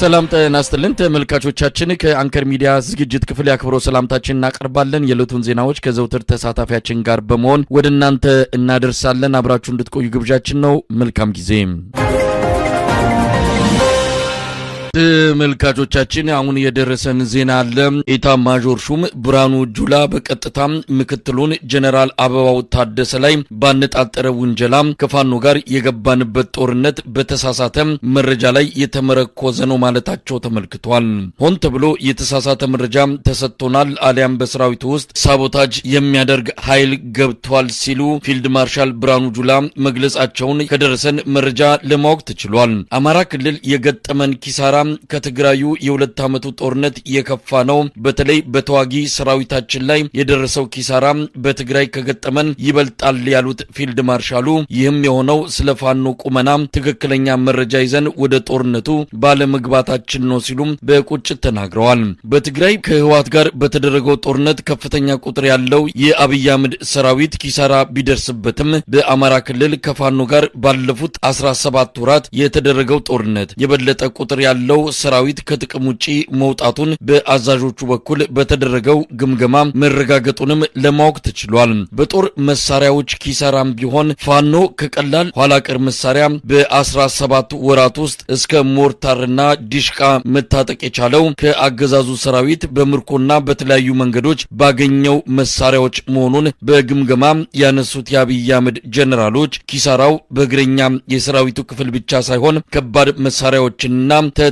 ሰላም ጤና ይስጥልን ተመልካቾቻችን፣ ከአንከር ሚዲያ ዝግጅት ክፍል የአክብሮ ሰላምታችን እናቀርባለን። የዕለቱን ዜናዎች ከዘውትር ተሳታፊያችን ጋር በመሆን ወደ እናንተ እናደርሳለን። አብራችሁ እንድትቆዩ ግብዣችን ነው። መልካም ጊዜ ተመልካቾቻችን አሁን የደረሰን ዜና አለ። ኢታ ማዦር ሹም ብርሃኑ ጁላ በቀጥታ ምክትሉን ጀነራል አበባው ታደሰ ላይ ባነጣጠረ ውንጀላ ከፋኖ ጋር የገባንበት ጦርነት በተሳሳተ መረጃ ላይ የተመረኮዘ ነው ማለታቸው ተመልክቷል። ሆን ተብሎ የተሳሳተ መረጃ ተሰጥቶናል፣ አሊያም በሰራዊቱ ውስጥ ሳቦታጅ የሚያደርግ ኃይል ገብቷል ሲሉ ፊልድ ማርሻል ብርሃኑ ጁላ መግለጻቸውን ከደረሰን መረጃ ለማወቅ ተችሏል። አማራ ክልል የገጠመን ኪሳራ ከትግራዩ የሁለት ዓመቱ ጦርነት የከፋ ነው። በተለይ በተዋጊ ሰራዊታችን ላይ የደረሰው ኪሳራ በትግራይ ከገጠመን ይበልጣል ያሉት ፊልድ ማርሻሉ፣ ይህም የሆነው ስለ ፋኖ ቁመና ትክክለኛ መረጃ ይዘን ወደ ጦርነቱ ባለመግባታችን ነው ሲሉም በቁጭት ተናግረዋል። በትግራይ ከህወሓት ጋር በተደረገው ጦርነት ከፍተኛ ቁጥር ያለው የአብይ አህመድ ሰራዊት ኪሳራ ቢደርስበትም በአማራ ክልል ከፋኖ ጋር ባለፉት 17 ወራት የተደረገው ጦርነት የበለጠ ቁጥር ያለው ያለው ሰራዊት ከጥቅም ውጪ መውጣቱን በአዛዦቹ በኩል በተደረገው ግምገማ መረጋገጡንም ለማወቅ ተችሏል። በጦር መሳሪያዎች ኪሳራም ቢሆን ፋኖ ከቀላል ኋላቀር መሳሪያ በ17 ወራት ውስጥ እስከ ሞርታርና ዲሽቃ መታጠቅ የቻለው ከአገዛዙ ሰራዊት በምርኮና በተለያዩ መንገዶች ባገኘው መሳሪያዎች መሆኑን በግምገማ ያነሱት የአብይ አህመድ ጀነራሎች። ኪሳራው በእግረኛ የሰራዊቱ ክፍል ብቻ ሳይሆን ከባድ መሳሪያዎችንና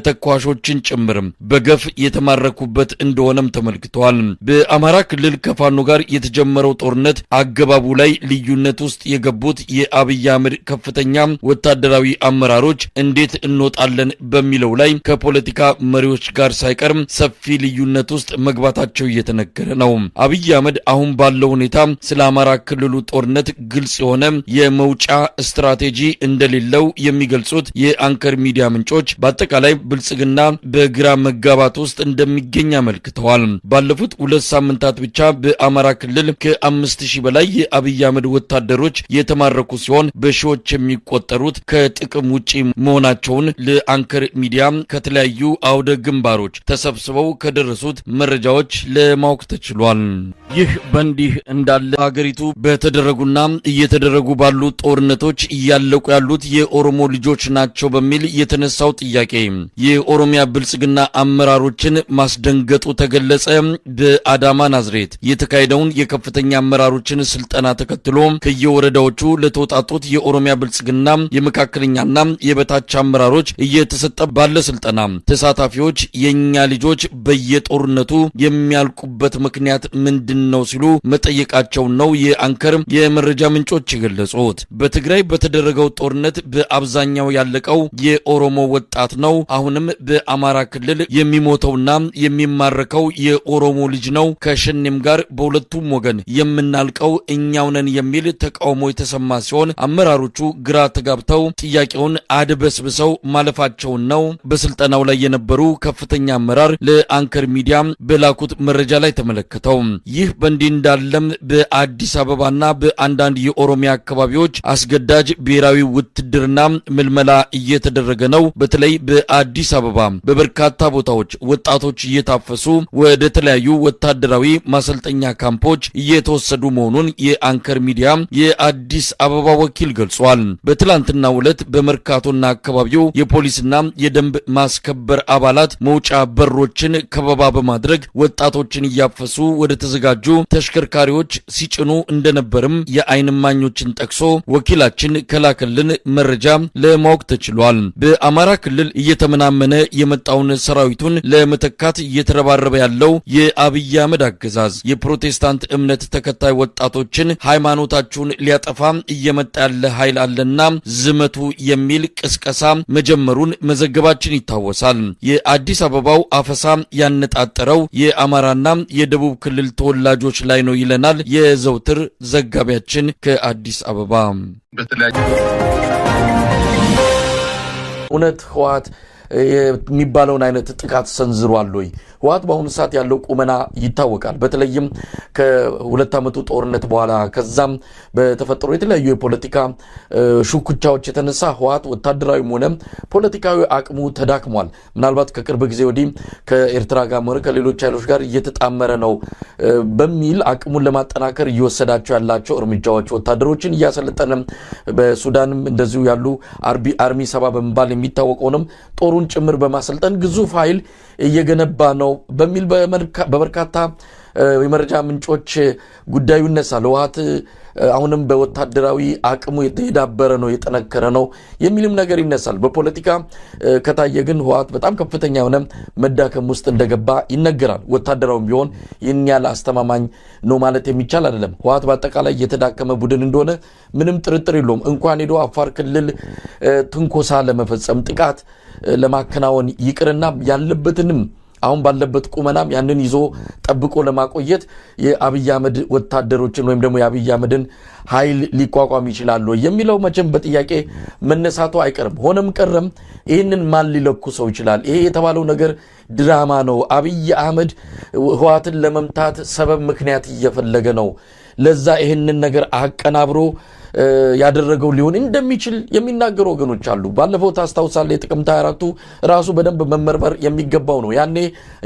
ተኳሾችን ጭምርም በገፍ የተማረኩበት እንደሆነም ተመልክተዋል። በአማራ ክልል ከፋኖ ጋር የተጀመረው ጦርነት አገባቡ ላይ ልዩነት ውስጥ የገቡት የአብይ አህመድ ከፍተኛ ወታደራዊ አመራሮች እንዴት እንወጣለን በሚለው ላይ ከፖለቲካ መሪዎች ጋር ሳይቀርም ሰፊ ልዩነት ውስጥ መግባታቸው እየተነገረ ነው። አብይ አህመድ አሁን ባለው ሁኔታ ስለ አማራ ክልሉ ጦርነት ግልጽ የሆነ የመውጫ ስትራቴጂ እንደሌለው የሚገልጹት የአንከር ሚዲያ ምንጮች በአጠቃላይ ብልጽግና በግራ መጋባት ውስጥ እንደሚገኝ አመልክተዋል። ባለፉት ሁለት ሳምንታት ብቻ በአማራ ክልል ከአምስት ሺህ በላይ የአብይ አህመድ ወታደሮች የተማረኩ ሲሆን በሺዎች የሚቆጠሩት ከጥቅም ውጪ መሆናቸውን ለአንከር ሚዲያ ከተለያዩ አውደ ግንባሮች ተሰብስበው ከደረሱት መረጃዎች ለማወቅ ተችሏል። ይህ በእንዲህ እንዳለ ሀገሪቱ በተደረጉና እየተደረጉ ባሉ ጦርነቶች እያለቁ ያሉት የኦሮሞ ልጆች ናቸው በሚል የተነሳው ጥያቄ የኦሮሚያ ብልጽግና አመራሮችን ማስደንገጡ ተገለጸ። በአዳማ ናዝሬት የተካሄደውን የከፍተኛ አመራሮችን ስልጠና ተከትሎ ከየወረዳዎቹ ለተወጣጡት የኦሮሚያ ብልጽግና የመካከለኛና የበታች አመራሮች እየተሰጠ ባለ ስልጠና ተሳታፊዎች የእኛ ልጆች በየጦርነቱ የሚያልቁበት ምክንያት ምንድን ነው ሲሉ መጠየቃቸውን ነው የአንከር የመረጃ ምንጮች የገለጹት። በትግራይ በተደረገው ጦርነት በአብዛኛው ያለቀው የኦሮሞ ወጣት ነው። አሁን ቢሆንም በአማራ ክልል የሚሞተውና የሚማረከው የኦሮሞ ልጅ ነው። ከሸኔም ጋር በሁለቱም ወገን የምናልቀው እኛው ነን የሚል ተቃውሞ የተሰማ ሲሆን አመራሮቹ ግራ ተጋብተው ጥያቄውን አድበስብሰው ማለፋቸውን ነው በስልጠናው ላይ የነበሩ ከፍተኛ አመራር ለአንከር ሚዲያ በላኩት መረጃ ላይ ተመለከተው። ይህ በእንዲህ እንዳለም በአዲስ አበባና በአንዳንድ የኦሮሚያ አካባቢዎች አስገዳጅ ብሔራዊ ውትድርና ምልመላ እየተደረገ ነው። በተለይ በአዲስ አዲስ አበባ በበርካታ ቦታዎች ወጣቶች እየታፈሱ ወደ ተለያዩ ወታደራዊ ማሰልጠኛ ካምፖች እየተወሰዱ መሆኑን የአንከር ሚዲያ የአዲስ አበባ ወኪል ገልጿል። ሁለት ዕለት በመርካቶና አካባቢው የፖሊስና የደንብ ማስከበር አባላት መውጫ በሮችን ከበባ በማድረግ ወጣቶችን እያፈሱ ወደ ተዘጋጁ ተሽከርካሪዎች ሲጭኑ እንደነበርም የአይን ማኞችን ጠቅሶ ወኪላችን ከላከልን መረጃ ለማወቅ ተችሏል። በአማራ ክልል እየተመና እየተመናመነ የመጣውን ሰራዊቱን ለመተካት እየተረባረበ ያለው የአብይ አህመድ አገዛዝ የፕሮቴስታንት እምነት ተከታይ ወጣቶችን ሃይማኖታችሁን ሊያጠፋ እየመጣ ያለ ኃይል አለና ዝመቱ የሚል ቅስቀሳ መጀመሩን መዘገባችን ይታወሳል። የአዲስ አበባው አፈሳ ያነጣጠረው የአማራና የደቡብ ክልል ተወላጆች ላይ ነው ይለናል የዘውትር ዘጋቢያችን ከአዲስ አበባ። እውነት ህወሓት የሚባለውን አይነት ጥቃት ሰንዝሯል ወይ? ህወሓት በአሁኑ ሰዓት ያለው ቁመና ይታወቃል። በተለይም ከሁለት ዓመቱ ጦርነት በኋላ ከዛም በተፈጠሩ የተለያዩ የፖለቲካ ሹኩቻዎች የተነሳ ህወሓት ወታደራዊም ሆነ ፖለቲካዊ አቅሙ ተዳክሟል። ምናልባት ከቅርብ ጊዜ ወዲህ ከኤርትራ ጋር ሆነ ከሌሎች ኃይሎች ጋር እየተጣመረ ነው በሚል አቅሙን ለማጠናከር እየወሰዳቸው ያላቸው እርምጃዎች ወታደሮችን እያሰለጠነ በሱዳንም እንደዚሁ ያሉ አርሚ ሰባ በመባል የሚታወቀውንም ጦሩን ጭምር በማሰልጠን ግዙፍ ኃይል እየገነባ ነው በሚል በበርካታ የመረጃ ምንጮች ጉዳዩ ይነሳል። ህወሓት አሁንም በወታደራዊ አቅሙ የተዳበረ ነው የጠነከረ ነው የሚልም ነገር ይነሳል። በፖለቲካ ከታየ ግን ህወሓት በጣም ከፍተኛ የሆነ መዳከም ውስጥ እንደገባ ይነገራል። ወታደራዊም ቢሆን ይህን ያለ አስተማማኝ ነው ማለት የሚቻል አይደለም። ህወሓት በአጠቃላይ የተዳከመ ቡድን እንደሆነ ምንም ጥርጥር የለውም። እንኳን ሄዶ አፋር ክልል ትንኮሳ ለመፈጸም ጥቃት ለማከናወን ይቅርና ያለበትንም አሁን ባለበት ቁመናም ያንን ይዞ ጠብቆ ለማቆየት የአብይ አህመድ ወታደሮችን ወይም ደግሞ የአብይ አህመድን ኃይል ሊቋቋም ይችላሉ የሚለው መቼም በጥያቄ መነሳቱ አይቀርም። ሆነም ቀረም ይህንን ማን ሊለኩሰው ይችላል? ይሄ የተባለው ነገር ድራማ ነው። አብይ አህመድ ህዋትን ለመምታት ሰበብ ምክንያት እየፈለገ ነው። ለዛ ይህንን ነገር አቀናብሮ ያደረገው ሊሆን እንደሚችል የሚናገሩ ወገኖች አሉ። ባለፈው ታስታውሳለ የጥቅምት 24ቱ ራሱ በደንብ መመርመር የሚገባው ነው። ያኔ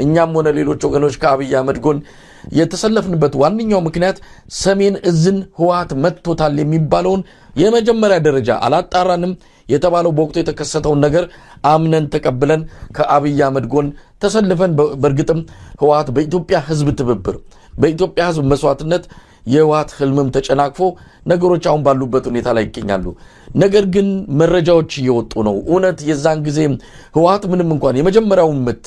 እኛም ሆነ ሌሎች ወገኖች ከአብይ አህመድ ጎን የተሰለፍንበት ዋነኛው ምክንያት ሰሜን እዝን ህወሓት መጥቶታል የሚባለውን የመጀመሪያ ደረጃ አላጣራንም የተባለው በወቅቱ የተከሰተውን ነገር አምነን ተቀብለን ከአብይ አህመድ ጎን ተሰልፈን በእርግጥም ህወሓት በኢትዮጵያ ህዝብ ትብብር በኢትዮጵያ ህዝብ መስዋዕትነት የህወሓት ህልምም ተጨናቅፎ ነገሮች አሁን ባሉበት ሁኔታ ላይ ይገኛሉ። ነገር ግን መረጃዎች እየወጡ ነው። እውነት የዛን ጊዜ ህወሓት ምንም እንኳን የመጀመሪያውን ምት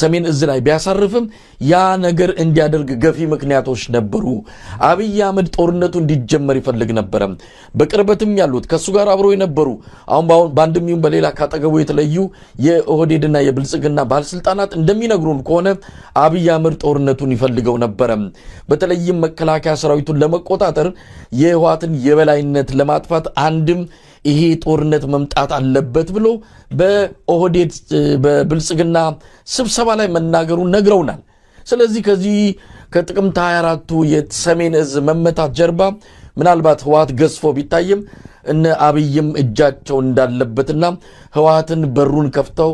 ሰሜን እዝ ላይ ቢያሳርፍም ያ ነገር እንዲያደርግ ገፊ ምክንያቶች ነበሩ። አብይ አህመድ ጦርነቱ እንዲጀመር ይፈልግ ነበረ። በቅርበትም ያሉት ከእሱ ጋር አብሮ የነበሩ አሁን በአንድም ይሁን በሌላ ካጠገቡ የተለዩ የኦህዴድና የብልጽግና ባለስልጣናት እንደሚነግሩን ከሆነ አብይ አህመድ ጦርነቱን ይፈልገው ነበረ። በተለይም መከላከያ ሰራዊቱን ለመቆጣጠር የህወሓትን የበላይነት ለማጥፋት አንድም ይሄ ጦርነት መምጣት አለበት ብሎ በኦህዴድ በብልጽግና ስብሰባ ላይ መናገሩን ነግረውናል። ስለዚህ ከዚህ ከጥቅምት 24ቱ የሰሜን እዝ መመታት ጀርባ ምናልባት ህወሀት ገዝፎ ቢታይም እነ አብይም እጃቸው እንዳለበትና ህወሀትን በሩን ከፍተው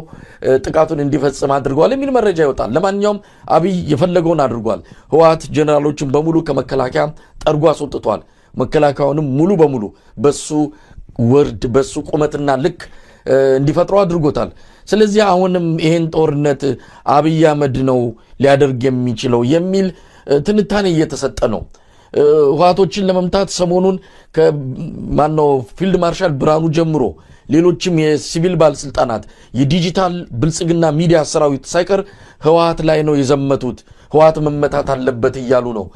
ጥቃቱን እንዲፈጽም አድርገዋል የሚል መረጃ ይወጣል። ለማንኛውም አብይ የፈለገውን አድርጓል። ህወሀት ጀኔራሎችን በሙሉ ከመከላከያ ጠርጎ አስወጥቷል። መከላከያውንም ሙሉ በሙሉ በሱ ወርድ በሱ ቁመትና ልክ እንዲፈጥሮ አድርጎታል። ስለዚህ አሁንም ይሄን ጦርነት አብይ አህመድ ነው ሊያደርግ የሚችለው የሚል ትንታኔ እየተሰጠ ነው። ውሃቶችን ለመምታት ሰሞኑን ከማነው ፊልድ ማርሻል ብርሃኑ ጀምሮ ሌሎችም የሲቪል ባለስልጣናት የዲጂታል ብልጽግና ሚዲያ ሰራዊት ሳይቀር ህወሀት ላይ ነው የዘመቱት። ህወሀት መመታት አለበት እያሉ ነው።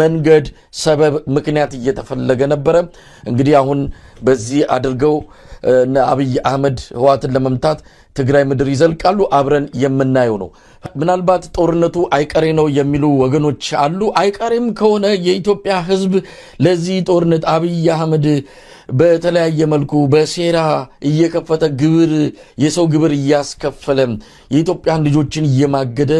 መንገድ፣ ሰበብ፣ ምክንያት እየተፈለገ ነበረ። እንግዲህ አሁን በዚህ አድርገው አብይ አህመድ ህዋትን ለመምታት ትግራይ ምድር ይዘልቃሉ። አብረን የምናየው ነው። ምናልባት ጦርነቱ አይቀሬ ነው የሚሉ ወገኖች አሉ። አይቀሬም ከሆነ የኢትዮጵያ ሕዝብ ለዚህ ጦርነት አብይ አህመድ በተለያየ መልኩ በሴራ እየከፈተ ግብር የሰው ግብር እያስከፈለ የኢትዮጵያን ልጆችን እየማገደ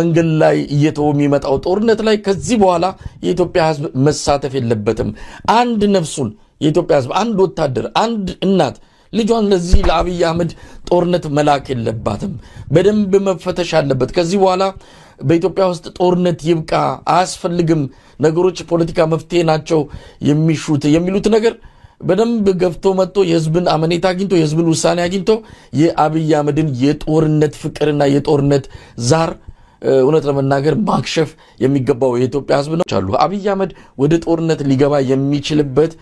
መንገድ ላይ እየተወ የሚመጣው ጦርነት ላይ ከዚህ በኋላ የኢትዮጵያ ሕዝብ መሳተፍ የለበትም። አንድ ነፍሱን የኢትዮጵያ ሕዝብ አንድ ወታደር፣ አንድ እናት ልጇን ለዚህ ለአብይ አህመድ ጦርነት መላክ የለባትም። በደንብ መፈተሽ አለበት። ከዚህ በኋላ በኢትዮጵያ ውስጥ ጦርነት ይብቃ፣ አያስፈልግም፣ ነገሮች ፖለቲካ መፍትሄ ናቸው የሚሹት የሚሉት ነገር በደንብ ገብቶ መጥቶ የህዝብን አመኔታ አግኝቶ የህዝብን ውሳኔ አግኝቶ የአብይ አህመድን የጦርነት ፍቅርና የጦርነት ዛር እውነት ለመናገር ማክሸፍ የሚገባው የኢትዮጵያ ህዝብ ነው አሉ። አብይ አህመድ ወደ ጦርነት ሊገባ የሚችልበት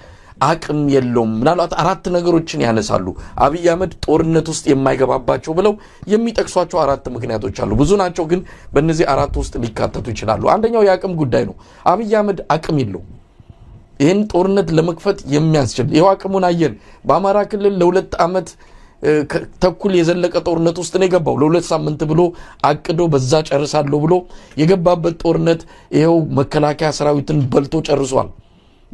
አቅም የለውም። ምናልባት አራት ነገሮችን ያነሳሉ አብይ አህመድ ጦርነት ውስጥ የማይገባባቸው ብለው የሚጠቅሷቸው አራት ምክንያቶች አሉ። ብዙ ናቸው፣ ግን በእነዚህ አራት ውስጥ ሊካተቱ ይችላሉ። አንደኛው የአቅም ጉዳይ ነው። አብይ አህመድ አቅም የለውም ይህን ጦርነት ለመክፈት የሚያስችል። ይኸው አቅሙን አየን። በአማራ ክልል ለሁለት ዓመት ተኩል የዘለቀ ጦርነት ውስጥ ነው የገባው። ለሁለት ሳምንት ብሎ አቅዶ በዛ ጨርሳለሁ ብሎ የገባበት ጦርነት ይኸው መከላከያ ሰራዊትን በልቶ ጨርሷል።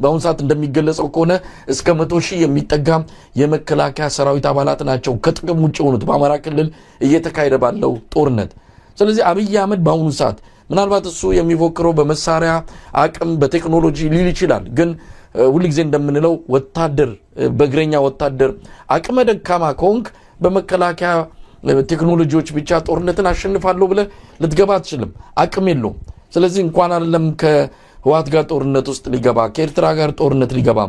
በአሁኑ ሰዓት እንደሚገለጸው ከሆነ እስከ መቶ ሺህ የሚጠጋ የመከላከያ ሰራዊት አባላት ናቸው ከጥቅም ውጭ የሆኑት በአማራ ክልል እየተካሄደ ባለው ጦርነት። ስለዚህ አብይ አህመድ በአሁኑ ሰዓት ምናልባት እሱ የሚፎክረው በመሳሪያ አቅም በቴክኖሎጂ ሊል ይችላል። ግን ሁልጊዜ እንደምንለው ወታደር በእግረኛ ወታደር አቅመ ደካማ ከሆንክ በመከላከያ ቴክኖሎጂዎች ብቻ ጦርነትን አሸንፋለሁ ብለህ ልትገባ አትችልም። አቅም የለውም። ስለዚህ እንኳን አይደለም ህወሓት ጋር ጦርነት ውስጥ ሊገባ ከኤርትራ ጋር ጦርነት ሊገባ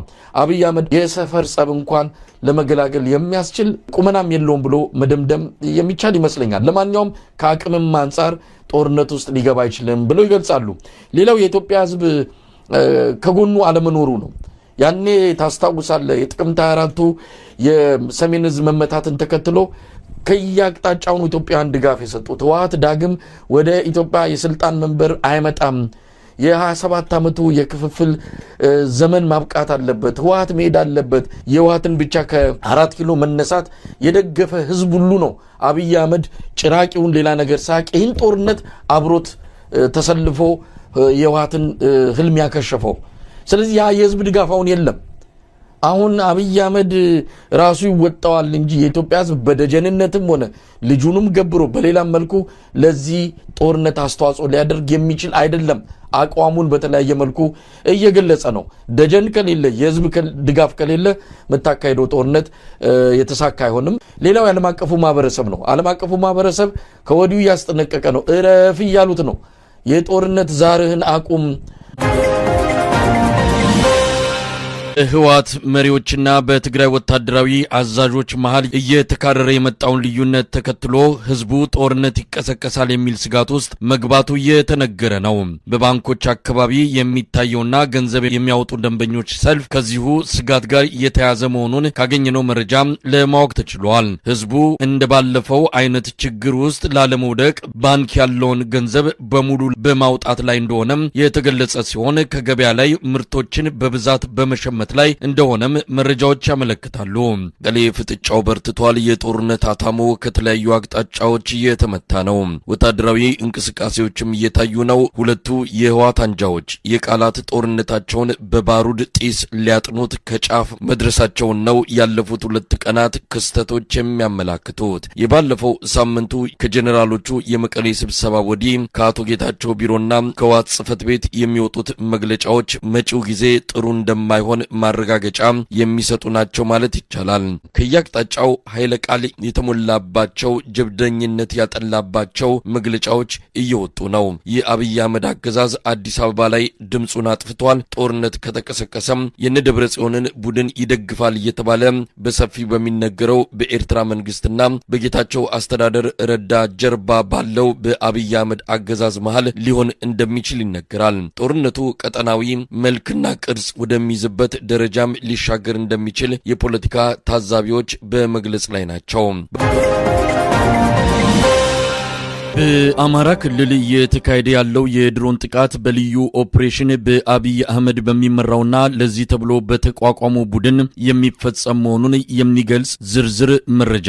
አብይ አህመድ የሰፈር ጸብ እንኳን ለመገላገል የሚያስችል ቁመናም የለውም ብሎ መደምደም የሚቻል ይመስለኛል። ለማንኛውም ከአቅምም አንጻር ጦርነት ውስጥ ሊገባ አይችልም ብለው ይገልጻሉ። ሌላው የኢትዮጵያ ህዝብ ከጎኑ አለመኖሩ ነው። ያኔ ታስታውሳለህ የጥቅምት 24ቱ የሰሜን ህዝብ መመታትን ተከትሎ ከየአቅጣጫውን ኢትዮጵያውያን ድጋፍ የሰጡት ህወሓት ዳግም ወደ ኢትዮጵያ የስልጣን መንበር አይመጣም የ27 ዓመቱ የክፍፍል ዘመን ማብቃት አለበት። ህወሀት መሄድ አለበት። የህወሀትን ብቻ ከአራት ኪሎ መነሳት የደገፈ ህዝብ ሁሉ ነው አብይ አህመድ ጭራቂውን ሌላ ነገር ሳቅ ይህን ጦርነት አብሮት ተሰልፎ የህወሀትን ህልም ያከሸፈው። ስለዚህ ያ የህዝብ ድጋፍ አሁን የለም። አሁን አብይ አህመድ ራሱ ይወጣዋል እንጂ የኢትዮጵያ ህዝብ በደጀንነትም ሆነ ልጁንም ገብሮ በሌላም መልኩ ለዚህ ጦርነት አስተዋጽኦ ሊያደርግ የሚችል አይደለም። አቋሙን በተለያየ መልኩ እየገለጸ ነው። ደጀን ከሌለ የህዝብ ድጋፍ ከሌለ የምታካሄደው ጦርነት የተሳካ አይሆንም። ሌላው የዓለም አቀፉ ማህበረሰብ ነው። ዓለም አቀፉ ማህበረሰብ ከወዲሁ እያስጠነቀቀ ነው። እረፍ እያሉት ነው። የጦርነት ዛርህን አቁም ህወሓት መሪዎችና በትግራይ ወታደራዊ አዛዦች መሀል እየተካረረ የመጣውን ልዩነት ተከትሎ ህዝቡ ጦርነት ይቀሰቀሳል የሚል ስጋት ውስጥ መግባቱ እየተነገረ ነው። በባንኮች አካባቢ የሚታየውና ገንዘብ የሚያወጡ ደንበኞች ሰልፍ ከዚሁ ስጋት ጋር እየተያዘ መሆኑን ካገኘነው መረጃ ለማወቅ ተችሏል። ህዝቡ እንደባለፈው አይነት ችግር ውስጥ ላለመውደቅ ባንክ ያለውን ገንዘብ በሙሉ በማውጣት ላይ እንደሆነም የተገለጸ ሲሆን ከገበያ ላይ ምርቶችን በብዛት በመሸመት ዓመት ላይ እንደሆነም መረጃዎች ያመለክታሉ። ቀሌ ፍጥጫው በርትቷል። የጦርነት አታሞ ከተለያዩ አቅጣጫዎች እየተመታ ነው። ወታደራዊ እንቅስቃሴዎችም እየታዩ ነው። ሁለቱ የህዋት አንጃዎች የቃላት ጦርነታቸውን በባሩድ ጢስ ሊያጥኑት ከጫፍ መድረሳቸውን ነው ያለፉት ሁለት ቀናት ክስተቶች የሚያመላክቱት። የባለፈው ሳምንቱ ከጀኔራሎቹ የመቀሌ ስብሰባ ወዲህ ከአቶ ጌታቸው ቢሮና ከዋት ጽህፈት ቤት የሚወጡት መግለጫዎች መጪው ጊዜ ጥሩ እንደማይሆን ማረጋገጫ የሚሰጡ ናቸው ማለት ይቻላል። ከየአቅጣጫው ኃይለ ቃል የተሞላባቸው ጀብደኝነት ያጠላባቸው መግለጫዎች እየወጡ ነው። የአብይ አህመድ አገዛዝ አዲስ አበባ ላይ ድምፁን አጥፍቷል። ጦርነት ከተቀሰቀሰም የነደብረ ጽዮንን ቡድን ይደግፋል እየተባለ በሰፊው በሚነገረው በኤርትራ መንግስትና በጌታቸው አስተዳደር ረዳ ጀርባ ባለው በአብይ አህመድ አገዛዝ መሃል ሊሆን እንደሚችል ይነገራል። ጦርነቱ ቀጠናዊ መልክና ቅርጽ ወደሚይዝበት ደረጃም ሊሻገር እንደሚችል የፖለቲካ ታዛቢዎች በመግለጽ ላይ ናቸው። በአማራ ክልል እየተካሄደ ያለው የድሮን ጥቃት በልዩ ኦፕሬሽን በአብይ አህመድ በሚመራውና ለዚህ ተብሎ በተቋቋሙ ቡድን የሚፈጸም መሆኑን የሚገልጽ ዝርዝር መረጃ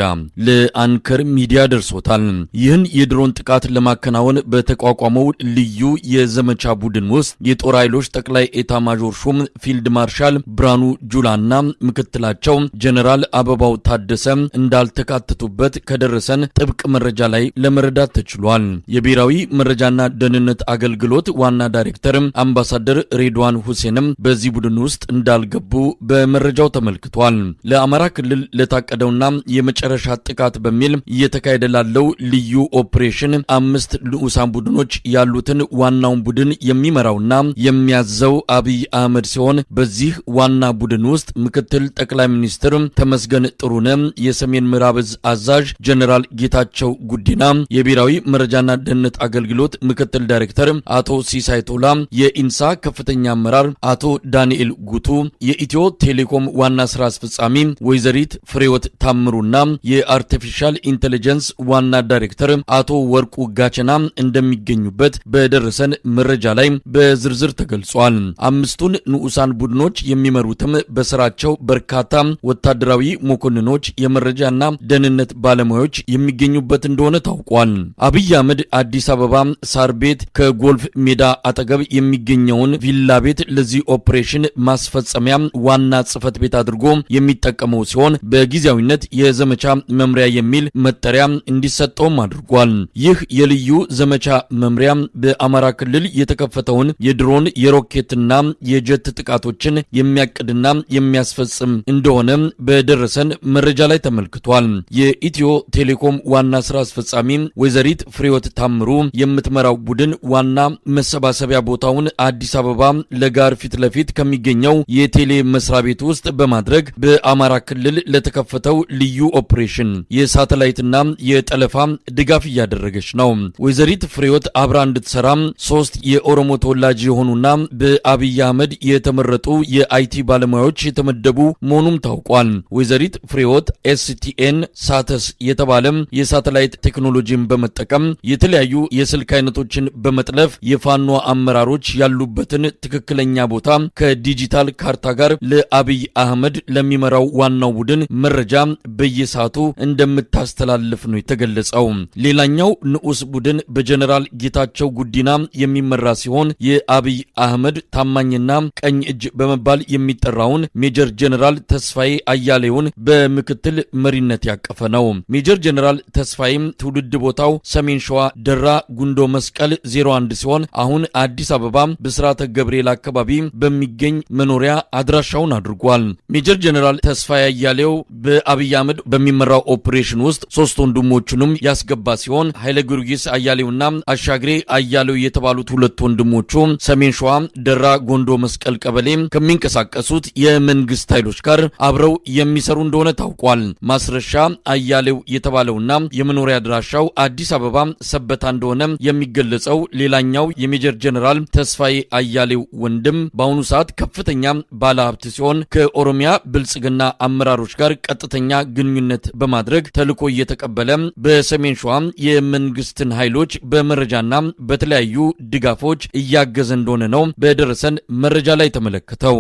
ለአንከር ሚዲያ ደርሶታል። ይህን የድሮን ጥቃት ለማከናወን በተቋቋመው ልዩ የዘመቻ ቡድን ውስጥ የጦር ኃይሎች ጠቅላይ ኤታ ማዦር ሹም ፊልድ ማርሻል ብርሃኑ ጁላና ምክትላቸው ጀኔራል አበባው ታደሰ እንዳልተካተቱበት ከደረሰን ጥብቅ መረጃ ላይ ለመረዳት ተችሏል። ችሏል። የብሔራዊ መረጃና ደህንነት አገልግሎት ዋና ዳይሬክተር አምባሳደር ሬድዋን ሁሴንም በዚህ ቡድን ውስጥ እንዳልገቡ በመረጃው ተመልክቷል። ለአማራ ክልል ለታቀደውና የመጨረሻ ጥቃት በሚል እየተካሄደ ላለው ልዩ ኦፕሬሽን አምስት ልዑሳን ቡድኖች ያሉትን ዋናውን ቡድን የሚመራውና የሚያዘው አብይ አህመድ ሲሆን በዚህ ዋና ቡድን ውስጥ ምክትል ጠቅላይ ሚኒስትር ተመስገን ጥሩነ፣ የሰሜን ምዕራብ እዝ አዛዥ ጀኔራል ጌታቸው ጉዲና፣ የብሔራዊ መረጃና ደህንነት አገልግሎት ምክትል ዳይሬክተር አቶ ሲሳይ ቶላ፣ የኢንሳ ከፍተኛ አመራር አቶ ዳንኤል ጉቱ፣ የኢትዮ ቴሌኮም ዋና ስራ አስፈጻሚ ወይዘሪት ፍሬወት ታምሩና የአርቲፊሻል ኢንቴሊጀንስ ዋና ዳይሬክተር አቶ ወርቁ ጋቸና እንደሚገኙበት በደረሰን መረጃ ላይ በዝርዝር ተገልጿል። አምስቱን ንዑሳን ቡድኖች የሚመሩትም በስራቸው በርካታ ወታደራዊ መኮንኖች፣ የመረጃና ደህንነት ባለሙያዎች የሚገኙበት እንደሆነ ታውቋል። አብይ አህመድ አዲስ አበባ ሳር ቤት ከጎልፍ ሜዳ አጠገብ የሚገኘውን ቪላ ቤት ለዚህ ኦፕሬሽን ማስፈጸሚያ ዋና ጽህፈት ቤት አድርጎ የሚጠቀመው ሲሆን በጊዜያዊነት የዘመቻ መምሪያ የሚል መጠሪያ እንዲሰጠውም አድርጓል። ይህ የልዩ ዘመቻ መምሪያ በአማራ ክልል የተከፈተውን የድሮን የሮኬትና የጀት ጥቃቶችን የሚያቅድና የሚያስፈጽም እንደሆነ በደረሰን መረጃ ላይ ተመልክቷል። የኢትዮ ቴሌኮም ዋና ስራ አስፈጻሚ ወይዘሪት ፍሬወት ታምሩ የምትመራው ቡድን ዋና መሰባሰቢያ ቦታውን አዲስ አበባ ለጋር ፊት ለፊት ከሚገኘው የቴሌ መስሪያ ቤት ውስጥ በማድረግ በአማራ ክልል ለተከፈተው ልዩ ኦፕሬሽን የሳተላይትና የጠለፋ ድጋፍ እያደረገች ነው። ወይዘሪት ፍሬወት አብራ እንድትሰራ ሶስት የኦሮሞ ተወላጅ የሆኑና በአብይ አህመድ የተመረጡ የአይቲ ባለሙያዎች የተመደቡ መሆኑም ታውቋል። ወይዘሪት ፍሬወት ኤስቲኤን ሳተስ የተባለ የሳተላይት ቴክኖሎጂን በመጠቀም በመጠቀም የተለያዩ የስልክ አይነቶችን በመጥለፍ የፋኖ አመራሮች ያሉበትን ትክክለኛ ቦታ ከዲጂታል ካርታ ጋር ለአብይ አህመድ ለሚመራው ዋናው ቡድን መረጃ በየሰዓቱ እንደምታስተላልፍ ነው የተገለጸው። ሌላኛው ንዑስ ቡድን በጀነራል ጌታቸው ጉዲና የሚመራ ሲሆን የአብይ አህመድ ታማኝና ቀኝ እጅ በመባል የሚጠራውን ሜጀር ጀነራል ተስፋዬ አያሌውን በምክትል መሪነት ያቀፈ ነው። ሜጀር ጀነራል ተስፋዬም ትውልድ ቦታው ሰሜን ሸዋ ደራ ጉንዶ መስቀል 01 ሲሆን አሁን አዲስ አበባ ብስራተ ገብርኤል አካባቢ በሚገኝ መኖሪያ አድራሻውን አድርጓል። ሜጀር ጀኔራል ተስፋዬ አያሌው በአብይ አህመድ በሚመራው ኦፕሬሽን ውስጥ ሶስት ወንድሞቹንም ያስገባ ሲሆን ኃይለ ጊዮርጊስ አያሌውና አሻግሬ አያሌው የተባሉት ሁለት ወንድሞቹ ሰሜን ሸዋ ደራ ጎንዶ መስቀል ቀበሌ ከሚንቀሳቀሱት የመንግስት ኃይሎች ጋር አብረው የሚሰሩ እንደሆነ ታውቋል። ማስረሻ አያሌው የተባለውና የመኖሪያ አድራሻው አዲስ አበባ አበባ ሰበታ እንደሆነ የሚገለጸው ሌላኛው የሜጀር ጀነራል ተስፋዬ አያሌው ወንድም በአሁኑ ሰዓት ከፍተኛ ባለሀብት ሲሆን ከኦሮሚያ ብልጽግና አመራሮች ጋር ቀጥተኛ ግንኙነት በማድረግ ተልዕኮ እየተቀበለ በሰሜን ሸዋ የመንግስትን ኃይሎች በመረጃና በተለያዩ ድጋፎች እያገዘ እንደሆነ ነው በደረሰን መረጃ ላይ ተመለከተው።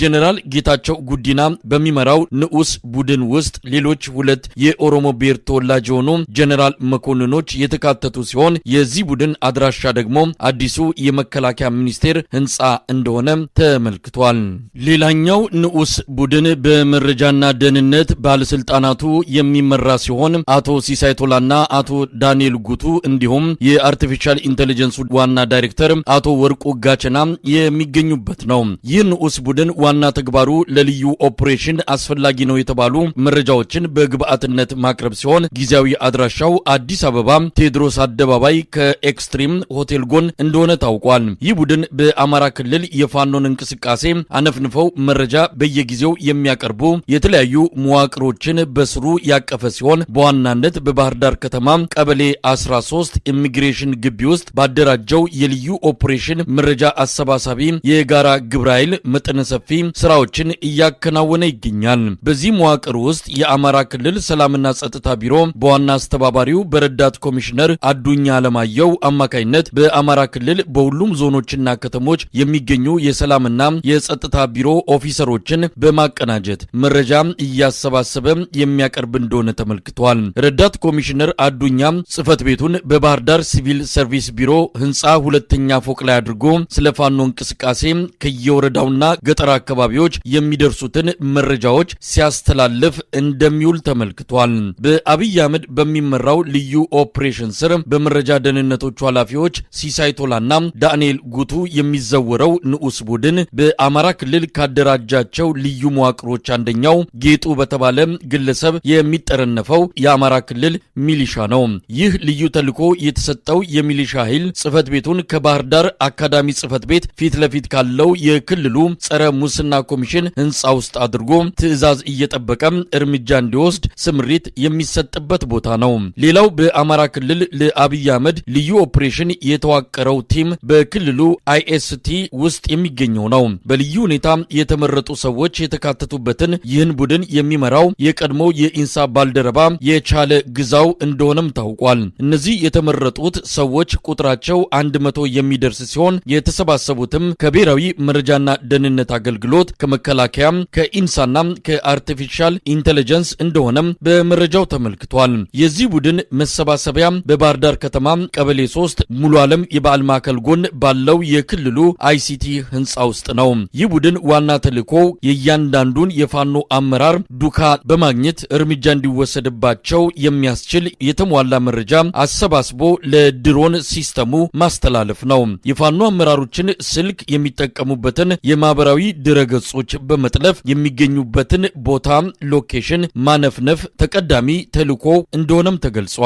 ጀኔራል ጌታቸው ጉዲና በሚመራው ንዑስ ቡድን ውስጥ ሌሎች ሁለት የኦሮሞ ብሔር ተወላጅ የሆኑ ጀኔራል መኮንኖች የተካተቱ ሲሆን የዚህ ቡድን አድራሻ ደግሞ አዲሱ የመከላከያ ሚኒስቴር ህንፃ እንደሆነ ተመልክቷል። ሌላኛው ንዑስ ቡድን በመረጃና ደህንነት ባለስልጣናቱ የሚመራ ሲሆን አቶ ሲሳይ ቶላና አቶ ዳንኤል ጉቱ እንዲሁም የአርቲፊሻል ኢንቴሊጀንሱ ዋና ዳይሬክተር አቶ ወርቁ ጋቸና የሚገኙበት ነው። ይህ ንዑስ ቡድን ዋና ተግባሩ ለልዩ ኦፕሬሽን አስፈላጊ ነው የተባሉ መረጃዎችን በግብአትነት ማቅረብ ሲሆን ጊዜያዊ አድራሻው አዲስ አበባ ቴዎድሮስ አደባባይ ከኤክስትሪም ሆቴል ጎን እንደሆነ ታውቋል። ይህ ቡድን በአማራ ክልል የፋኖን እንቅስቃሴ አነፍንፈው መረጃ በየጊዜው የሚያቀርቡ የተለያዩ መዋቅሮችን በስሩ ያቀፈ ሲሆን በዋናነት በባህር ዳር ከተማ ቀበሌ 13 ኢሚግሬሽን ግቢ ውስጥ ባደራጀው የልዩ ኦፕሬሽን መረጃ አሰባሳቢ የጋራ ግብረ ኃይል መጠነ ሰፊ ስራዎችን እያከናወነ ይገኛል። በዚህ መዋቅር ውስጥ የአማራ ክልል ሰላምና ጸጥታ ቢሮ በዋና አስተባባሪው በረዳት ኮሚሽን ኮሚሽነር አዱኛ አለማየሁ አማካይነት በአማራ ክልል በሁሉም ዞኖችና ከተሞች የሚገኙ የሰላምና የጸጥታ ቢሮ ኦፊሰሮችን በማቀናጀት መረጃ እያሰባሰበ የሚያቀርብ እንደሆነ ተመልክቷል። ረዳት ኮሚሽነር አዱኛ ጽህፈት ቤቱን በባህር ዳር ሲቪል ሰርቪስ ቢሮ ህንፃ ሁለተኛ ፎቅ ላይ አድርጎ ስለ ፋኖ እንቅስቃሴ ከየወረዳውና ገጠር አካባቢዎች የሚደርሱትን መረጃዎች ሲያስተላልፍ እንደሚውል ተመልክቷል። በአብይ አህመድ በሚመራው ልዩ ኦፕሬሽን ኮርፖሬሽን ስር በመረጃ ደህንነቶቹ ኃላፊዎች ሲሳይ ቶላና ዳንኤል ጉቱ የሚዘወረው ንዑስ ቡድን በአማራ ክልል ካደራጃቸው ልዩ መዋቅሮች አንደኛው ጌጡ በተባለ ግለሰብ የሚጠረነፈው የአማራ ክልል ሚሊሻ ነው። ይህ ልዩ ተልዕኮ የተሰጠው የሚሊሻ ኃይል ጽህፈት ቤቱን ከባህር ዳር አካዳሚ ጽህፈት ቤት ፊት ለፊት ካለው የክልሉ ጸረ ሙስና ኮሚሽን ህንፃ ውስጥ አድርጎ ትዕዛዝ እየጠበቀ እርምጃ እንዲወስድ ስምሪት የሚሰጥበት ቦታ ነው። ሌላው በአማራ ክልል ክልል ለአብይ አህመድ ልዩ ኦፕሬሽን የተዋቀረው ቲም በክልሉ አይኤስቲ ውስጥ የሚገኘው ነው። በልዩ ሁኔታ የተመረጡ ሰዎች የተካተቱበትን ይህን ቡድን የሚመራው የቀድሞ የኢንሳ ባልደረባ የቻለ ግዛው እንደሆነም ታውቋል። እነዚህ የተመረጡት ሰዎች ቁጥራቸው አንድ መቶ የሚደርስ ሲሆን የተሰባሰቡትም ከብሔራዊ መረጃና ደህንነት አገልግሎት ከመከላከያም ከኢንሳና ከአርቲፊሻል ኢንቴሊጀንስ እንደሆነም በመረጃው ተመልክቷል። የዚህ ቡድን መሰባሰቢያ በባህር ዳር ከተማ ቀበሌ 3 ሙሉ ዓለም የበዓል ማዕከል ጎን ባለው የክልሉ አይሲቲ ህንፃ ውስጥ ነው። ይህ ቡድን ዋና ተልዕኮ የእያንዳንዱን የፋኖ አመራር ዱካ በማግኘት እርምጃ እንዲወሰድባቸው የሚያስችል የተሟላ መረጃ አሰባስቦ ለድሮን ሲስተሙ ማስተላለፍ ነው። የፋኖ አመራሮችን ስልክ የሚጠቀሙበትን የማህበራዊ ድረገጾች በመጥለፍ የሚገኙበትን ቦታ ሎኬሽን ማነፍነፍ ተቀዳሚ ተልዕኮ እንደሆነም ተገልጿል።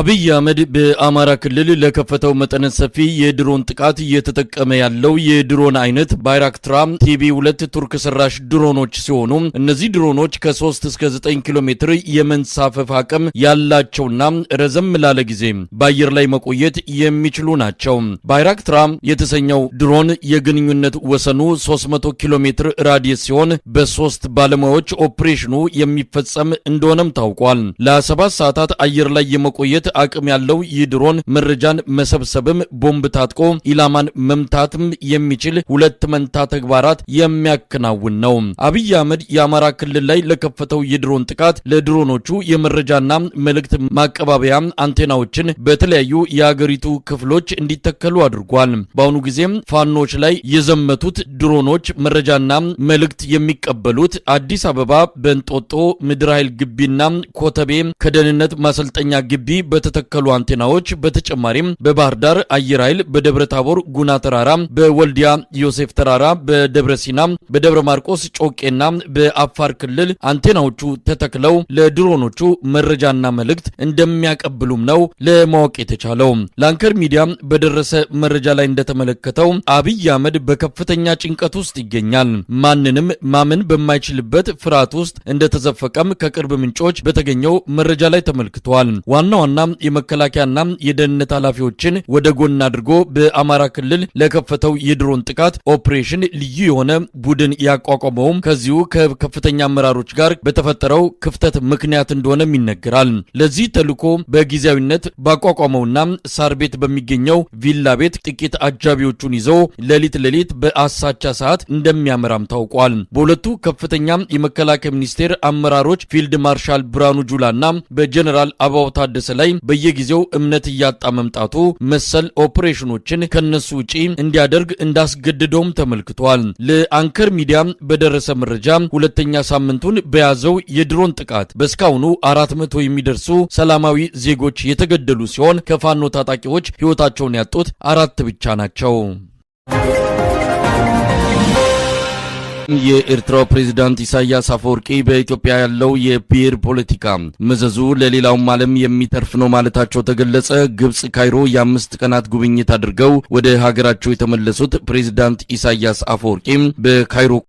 አብይ አህመድ በአማራ ክልል ለከፈተው መጠነ ሰፊ የድሮን ጥቃት እየተጠቀመ ያለው የድሮን አይነት ባይራክትራ ቲቪ ሁለት ቱርክ ሰራሽ ድሮኖች ሲሆኑ እነዚህ ድሮኖች ከ3 እስከ 9 ኪሎ ሜትር የመንሳፈፍ አቅም ያላቸውና ረዘም ላለ ጊዜ በአየር ላይ መቆየት የሚችሉ ናቸው። ባይራክትራ የተሰኘው ድሮን የግንኙነት ወሰኑ 300 ኪሎ ሜትር ራዲየስ ሲሆን በሶስት ባለሙያዎች ኦፕሬሽኑ የሚፈጸም እንደሆነም ታውቋል። ለ7 ሰዓታት አየር ላይ የመቆየት አቅም ያለው ይህ ድሮን መረጃን መሰብሰብም ቦምብ ታጥቆ ኢላማን መምታትም የሚችል ሁለት መንታ ተግባራት የሚያከናውን ነው። አብይ አህመድ የአማራ ክልል ላይ ለከፈተው የድሮን ጥቃት ለድሮኖቹ የመረጃና መልእክት ማቀባበያ አንቴናዎችን በተለያዩ የአገሪቱ ክፍሎች እንዲተከሉ አድርጓል። በአሁኑ ጊዜም ፋኖች ላይ የዘመቱት ድሮኖች መረጃና መልእክት የሚቀበሉት አዲስ አበባ በእንጦጦ ምድር ኃይል ግቢና ኮተቤ ከደህንነት ማሰልጠኛ ግቢ በ በተተከሉ አንቴናዎች በተጨማሪም በባህር ዳር አየር ኃይል፣ በደብረ ታቦር ጉና ተራራ፣ በወልዲያ ዮሴፍ ተራራ፣ በደብረ ሲና፣ በደብረ ማርቆስ ጮቄና በአፋር ክልል አንቴናዎቹ ተተክለው ለድሮኖቹ መረጃና መልእክት እንደሚያቀብሉም ነው ለማወቅ የተቻለው። ለአንከር ሚዲያ በደረሰ መረጃ ላይ እንደተመለከተው አብይ አህመድ በከፍተኛ ጭንቀት ውስጥ ይገኛል። ማንንም ማመን በማይችልበት ፍርሃት ውስጥ እንደተዘፈቀም ከቅርብ ምንጮች በተገኘው መረጃ ላይ ተመልክተዋል። ዋና ዋና የመከላከያና የደህንነት ኃላፊዎችን ወደ ጎን አድርጎ በአማራ ክልል ለከፈተው የድሮን ጥቃት ኦፕሬሽን ልዩ የሆነ ቡድን ያቋቋመውም ከዚሁ ከከፍተኛ አመራሮች ጋር በተፈጠረው ክፍተት ምክንያት እንደሆነም ይነገራል። ለዚህ ተልዕኮ በጊዜያዊነት ባቋቋመውና ሳር ቤት በሚገኘው ቪላ ቤት ጥቂት አጃቢዎቹን ይዘው ሌሊት ሌሊት በአሳቻ ሰዓት እንደሚያመራም ታውቋል። በሁለቱ ከፍተኛ የመከላከያ ሚኒስቴር አመራሮች ፊልድ ማርሻል ብርሃኑ ጁላና በጀነራል አበባው ታደሰ ላይ በየጊዜው እምነት እያጣ መምጣቱ መሰል ኦፕሬሽኖችን ከነሱ ውጪ እንዲያደርግ እንዳስገድደውም ተመልክቷል። ለአንከር ሚዲያ በደረሰ መረጃ ሁለተኛ ሳምንቱን በያዘው የድሮን ጥቃት በእስካሁኑ አራት መቶ የሚደርሱ ሰላማዊ ዜጎች የተገደሉ ሲሆን ከፋኖ ታጣቂዎች ሕይወታቸውን ያጡት አራት ብቻ ናቸው። የኤርትራው ፕሬዚዳንት ኢሳያስ አፈወርቂ በኢትዮጵያ ያለው የብሔር ፖለቲካ መዘዙ ለሌላውም ዓለም የሚተርፍ ነው ማለታቸው ተገለጸ። ግብጽ ካይሮ የአምስት ቀናት ጉብኝት አድርገው ወደ ሀገራቸው የተመለሱት ፕሬዚዳንት ኢሳያስ አፈወርቂ በካይሮ